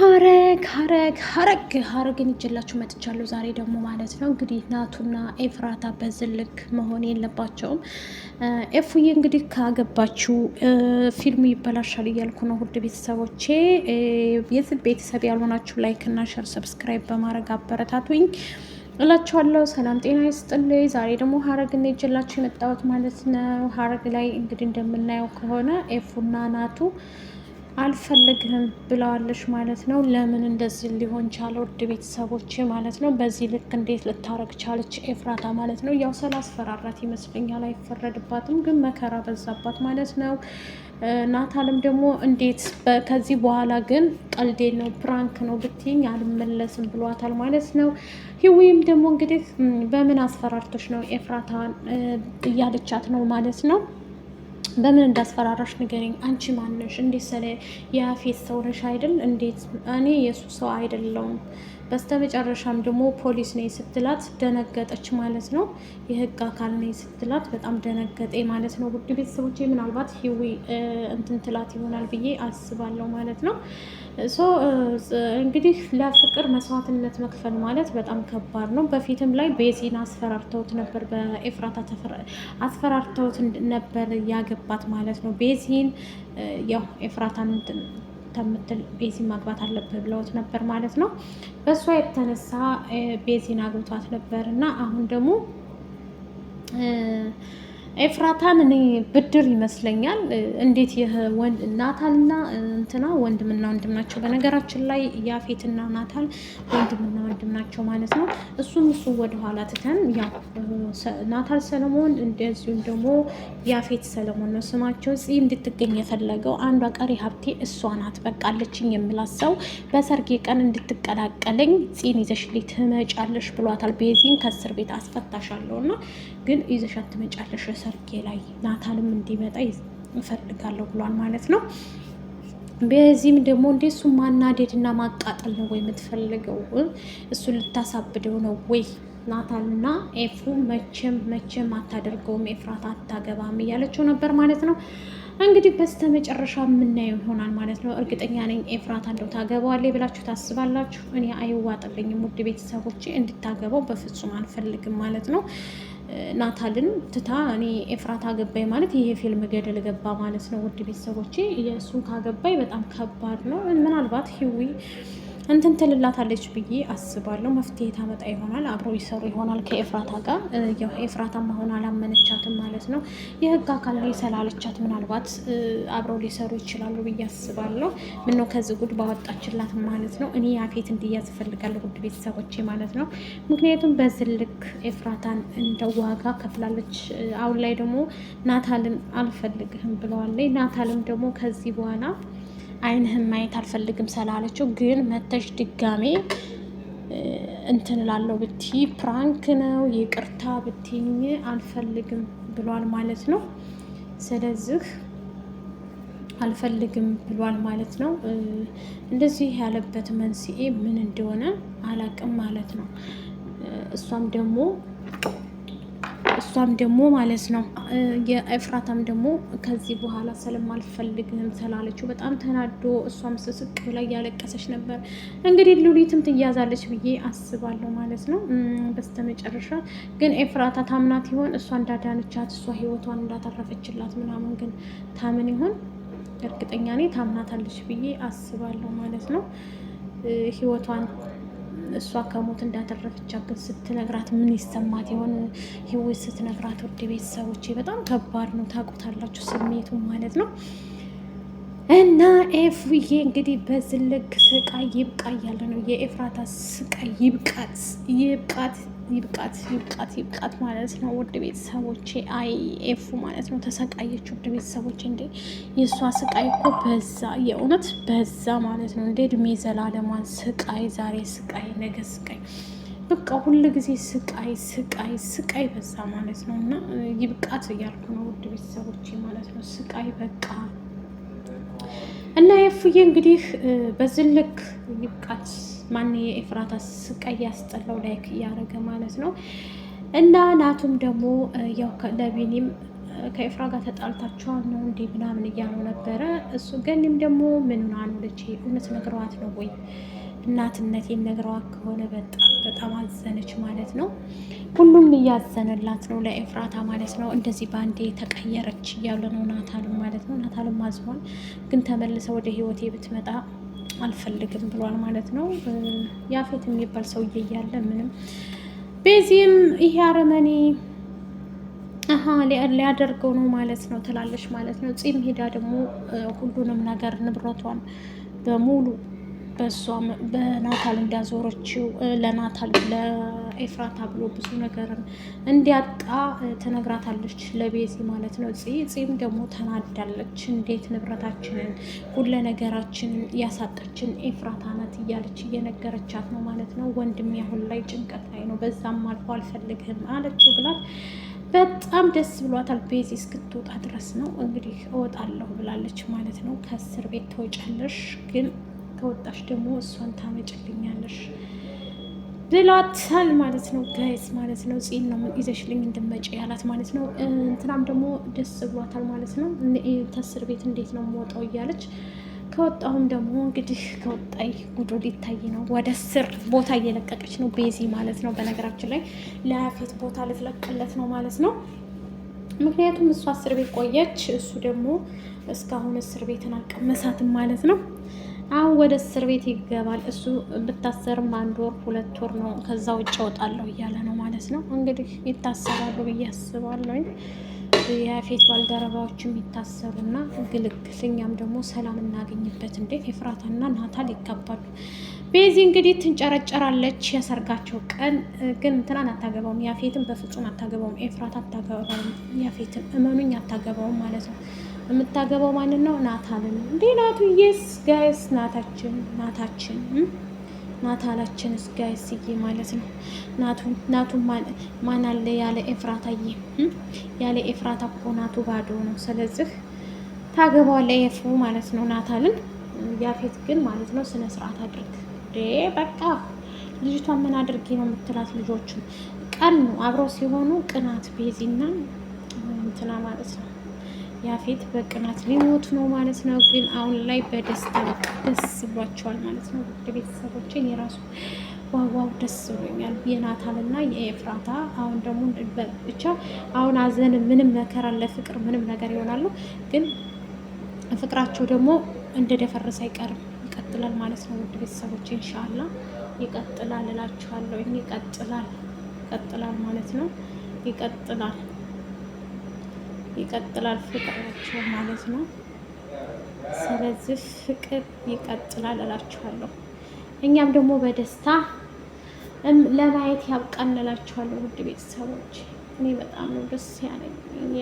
ሀረግ ሀረግ ሀረግ ሐረግን ይዤላችሁ መጥቻለሁ። ዛሬ ደግሞ ማለት ነው እንግዲህ ናቱና ኤፍራታ በዝልክ መሆን የለባቸውም። ኤፉዬ እንግዲህ ካገባችው ፊልሙ ይበላሻል እያልኩ ነው። ውድ ቤተሰቦቼ፣ የዚህ ቤተሰብ ያልሆናችሁ ላይክ እና ሸር፣ ሰብስክራይብ በማድረግ አበረታቱኝ እላችኋለሁ። ሰላም ጤና ይስጥልኝ። ዛሬ ደግሞ ሀረግን ይዤላችሁ የመጣሁት ማለት ነው። ሀረግ ላይ እንግዲህ እንደምናየው ከሆነ ኤፉና ናቱ አልፈልግህም ብለዋለች ማለት ነው። ለምን እንደዚህ ሊሆን ቻለ? ውድ ቤተሰቦች ማለት ነው። በዚህ ልክ እንዴት ልታረግ ቻለች ኤፍራታ ማለት ነው። ያው ስላስፈራራት ይመስለኛል። አይፈረድባትም፣ ግን መከራ በዛባት ማለት ነው። ናታልም ደግሞ እንዴት ከዚህ በኋላ ግን ቀልዴ ነው ፕራንክ ነው ብትኝ አልመለስም ብሏታል ማለት ነው። ህዊም ደግሞ እንግዲህ በምን አስፈራርቶች ነው ኤፍራታ እያለቻት ነው ማለት ነው። በምን እንዳስፈራራሽ ንገሪኝ። አንቺ ማነሽ? እንዴት ስለ የአፌት ሰው ነሽ አይደል? እንዴት እኔ የሱ ሰው አይደለውም። በስተመጨረሻም ደግሞ ፖሊስ ነኝ ስትላት ደነገጠች ማለት ነው። የህግ አካል ነኝ ስትላት በጣም ደነገጠ ማለት ነው። ውድ ቤተሰቦቼ ምናልባት ህዊ እንትን ትላት ይሆናል ብዬ አስባለሁ ማለት ነው። እንግዲህ ለፍቅር መስዋዕትነት መክፈል ማለት በጣም ከባድ ነው። በፊትም ላይ ቤዚን አስፈራርተውት ነበር፣ በኤፍራታ አስፈራርተውት ነበር ያገባት ማለት ነው። ቤዚን ያው ኤፍራታን ተምትል ቤዚን ማግባት አለብህ ብለውት ነበር ማለት ነው። በእሷ የተነሳ ቤዚን አግብቷት ነበር እና አሁን ደግሞ ኤፍራታን እኔ ብድር ይመስለኛል። እንዴት ይህ ወንድ ናታልና እንትና ወንድምና ወንድም ናቸው። በነገራችን ላይ ያፌትና ናታል ወንድምና ወንድም ናቸው ማለት ነው። እሱም እሱ ወደኋላ ትተን ናታል ሰለሞን፣ እንደዚሁም ደግሞ ያፌት ሰለሞን ነው ስማቸው። ጽ እንድትገኝ የፈለገው አንዷ ቀሪ ሀብቴ እሷ ናት። በቃለችኝ የምላት ሰው በሰርጌ ቀን እንድትቀላቀለኝ ጽን ይዘሽልኝ ትመጫለሽ ብሏታል። ቤዚን ከእስር ቤት አስፈታሻለሁ እና ግን ይዘሻት ትመጫለሽ ሰርጌ ላይ ናታንም እንዲመጣ እፈልጋለሁ ብሏል ማለት ነው። በዚህም ደግሞ እንዴ እሱ ማናደድ እና ማቃጠል ነው ወይ የምትፈልገው? እሱን ልታሳብደው ነው ወይ? ናታልና ኤፉ መቼም መቼም አታደርገውም ኤፍራት አታገባም እያለችው ነበር ማለት ነው። እንግዲህ በስተመጨረሻ የምናየው ይሆናል ማለት ነው። እርግጠኛ ነኝ ኤፍራታ እንደው ታገባዋለች ብላችሁ ታስባላችሁ? እኔ አይዋጥልኝም። ውድ ቤተሰቦቼ እንድታገባው በፍጹም አልፈልግም ማለት ነው። ናታልን ትታ እኔ ኤፍራት አገባኝ ማለት ይሄ ፊልም ገደል ገባ ማለት ነው። ውድ ቤተሰቦቼ የእሱን ካገባኝ በጣም ከባድ ነው። ምናልባት ህዊ እንትን ትልላታለች ብዬ አስባለሁ። መፍትሄ ታመጣ ይሆናል፣ አብረው ይሰሩ ይሆናል ከኤፍራታ ጋር። ኤፍራታ መሆን አላመነቻትም ማለት ነው። የህግ አካል ላይ ሰላለቻት፣ ምናልባት አብረው ሊሰሩ ይችላሉ ብዬ አስባለሁ። ምነው ከዚህ ጉድ ባወጣችላት ማለት ነው። እኔ ያፌት እንዲያዝ እፈልጋለሁ፣ ውድ ቤተሰቦቼ ማለት ነው። ምክንያቱም በዝልክ ኤፍራታን እንደ ዋጋ ከፍላለች። አሁን ላይ ደግሞ ናታልን አልፈልግህም ብለዋለች። ናታልም ደግሞ ከዚህ በኋላ አይንህን ማየት አልፈልግም ስላለችው ግን መተሽ ድጋሜ እንትን እላለሁ ብቲ ፕራንክ ነው ይቅርታ ብትይኝ አልፈልግም ብሏል ማለት ነው። ስለዚህ አልፈልግም ብሏል ማለት ነው። እንደዚህ ያለበት መንስኤ ምን እንደሆነ አላቅም ማለት ነው። እሷም ደግሞ እሷም ደግሞ ማለት ነው የኤፍራታም ደግሞ ከዚህ በኋላ አልፈልግም ስላለችው በጣም ተናዶ እሷም ስስቅ ብላ እያለቀሰች ነበር። እንግዲህ ሉሊትም ትያዛለች ብዬ አስባለሁ ማለት ነው። በስተመጨረሻ ግን ኤፍራታ ታምናት ይሆን? እሷ እንዳዳነቻት እሷ ህይወቷን እንዳተረፈችላት ምናምን ግን ታምን ይሆን? እርግጠኛ ነኝ ታምናታለች ብዬ አስባለሁ ማለት ነው ህይወቷን እሷ ከሞት እንዳተረፈቻት ግን ስትነግራት ምን ይሰማት የሆነ ህይወት ስትነግራት፣ ውድ ቤተሰቦቼ በጣም ከባድ ነው። ታውቁታላችሁ ስሜቱ ማለት ነው። እና ኤፍዬ እንግዲህ በዝልግ ስቃይ ይብቃ እያለ ነው። የኤፍራታ ስቃይ ይብቃት ይብቃት። ይብቃት ይብቃት ይብቃት ማለት ነው። ውድ ቤተሰቦቼ አይ ኤፉ ማለት ነው ተሰቃየች። ውድ ቤተሰቦች እንደ የእሷ ስቃይ እኮ በዛ፣ የእውነት በዛ ማለት ነው። እንደ እድሜ ዘላለማን ስቃይ፣ ዛሬ ስቃይ፣ ነገ ስቃይ፣ በቃ ሁሉ ጊዜ ስቃይ ስቃይ ስቃይ በዛ ማለት ነው። እና ይብቃት እያልኩ ነው ውድ ቤተሰቦቼ ማለት ነው። ስቃይ በቃ እና ኤፉዬ እንግዲህ በዝልክ ይብቃት ማን የኤፍራታ ስቃይ ያስጠላው ላይክ እያደረገ ማለት ነው። እና ናቱም ደግሞ ያው ለቢኒም ከኤፍራ ጋር ተጣልታቸዋል ነው እንዲ ምናምን እያለው ነበረ። እሱ ገኒም ደግሞ ምን ሆና ልጅ እውነት ነግረዋት ነው ወይ እናትነት የነግረዋት ከሆነ በጣም በጣም አዘነች ማለት ነው። ሁሉም እያዘነላት ነው ለኤፍራታ ማለት ነው። እንደዚህ በአንዴ ተቀየረች እያለ ነው ናታልም ማለት ነው። ናታልም አዝኗል፣ ግን ተመልሰ ወደ ህይወቴ ብትመጣ አልፈልግም ብሏል ማለት ነው። ያፌት የሚባል ሰውዬ እያለ ምንም ቤዚም ይሄ አረመኔ አሀ ሊያደርገው ነው ማለት ነው ትላለች ማለት ነው። ፂም ሄዳ ደግሞ ሁሉንም ነገር ንብረቷን በሙሉ በእሷም በናታል እንዳዞረችው ለናታል ለኤፍራታ ብሎ ብዙ ነገርን እንዲያጣ ትነግራታለች፣ ለቤዚ ማለት ነው። ጽም ደግሞ ተናዳለች። እንዴት ንብረታችንን ሁለ ነገራችንን ያሳጠችን ኤፍራታ ናት እያለች እየነገረቻት ነው ማለት ነው። ወንድም ያሁን ላይ ጭንቀት ላይ ነው፣ በዛም አልፎ አልፈልግህም አለችው ብላት በጣም ደስ ብሏታል። ቤዚ እስክትወጣ ድረስ ነው እንግዲህ እወጣለሁ ብላለች ማለት ነው። ከእስር ቤት ተወጫለሽ ግን ከወጣሽ ደግሞ እሷን ታመጭልኛለሽ ብሏታል ማለት ነው። ጋይዝ ማለት ነው ፂን ነው ይዘሽልኝ እንድመጪ ያላት ማለት ነው። እንትናም ደግሞ ደስ ብሏታል ማለት ነው። ተስር ቤት እንዴት ነው የምወጣው እያለች ከወጣሁም ደግሞ እንግዲህ ከወጣይ ጉዶ ሊታይ ነው። ወደ ስር ቦታ እየለቀቀች ነው ቤዚ ማለት ነው። በነገራችን ላይ ለያፌት ቦታ ልትለቅለት ነው ማለት ነው። ምክንያቱም እሷ እስር ቤት ቆየች፣ እሱ ደግሞ እስካሁን እስር ቤትን አልቀመሳትም ማለት ነው። አሁን ወደ እስር ቤት ይገባል። እሱ ብታሰርም አንድ ወር ሁለት ወር ነው፣ ከዛ ውጭ እወጣለሁ እያለ ነው ማለት ነው። እንግዲህ ይታሰራሉ ብዬ አስባለሁ። የፌት ባልደረባዎችም ይታሰሩና ግልግል፣ እኛም ደግሞ ሰላም እናገኝበት። እንዴት ኤፍራታና ናታል ይጋባሉ። ቤዚ እንግዲህ ትንጨረጨራለች። ያሰርጋቸው ቀን ግን እንትናን አታገባውም፣ ያፌትን በፍጹም አታገባውም፣ ኤፍራት አታገባውም፣ ያፌትን እመኑኝ አታገባውም ማለት ነው። የምታገባው ማንን ነው? ናታልን። እንዴ ናቱ የስ ጋይስ ናታችን ናታችን ናታላችን ስ ጋይስ እዬ ማለት ነው። ናቱ ናቱ ማን አለ ያለ ኤፍራታ እዬ ያለ ኤፍራታ እኮ ናቱ ባዶ ነው። ስለዚህ ታገባዋለ ኤፉ ማለት ነው ናታልን። ያፌት ግን ማለት ነው ስነ ስርዓት አድርግ እንዴ። በቃ ልጅቷ ምን አድርጌ ነው የምትላት? ልጆቹ ነው አብረው ሲሆኑ ቅናት ቤዚና እንትና ማለት ነው ያፌት በቅናት ሊሞት ነው ማለት ነው። ግን አሁን ላይ በደስታ በቃ ደስ ብሏቸዋል ማለት ነው። ውድ ቤተሰቦችን የራሱ ዋዋው ደስ ብሎኛል። የናታል እና የኤፍራታ አሁን ደግሞ ብቻ አሁን አዘን ምንም መከራ ለፍቅር ምንም ነገር ይሆናሉ። ግን ፍቅራቸው ደግሞ እንደ ደፈረሰ አይቀርም ይቀጥላል ማለት ነው። ውድ ቤተሰቦች እንሻላ ይቀጥላል እላችኋለሁ። ይቀጥላል ይቀጥላል ማለት ነው። ይቀጥላል ይቀጥላል ፍቅራቸው ማለት ነው። ስለዚህ ፍቅር ይቀጥላል እላችኋለሁ። እኛም ደግሞ በደስታ ለማየት ያብቃን እላችኋለሁ ውድ ቤተሰቦች። እኔ በጣም ነው ደስ ያለኝ።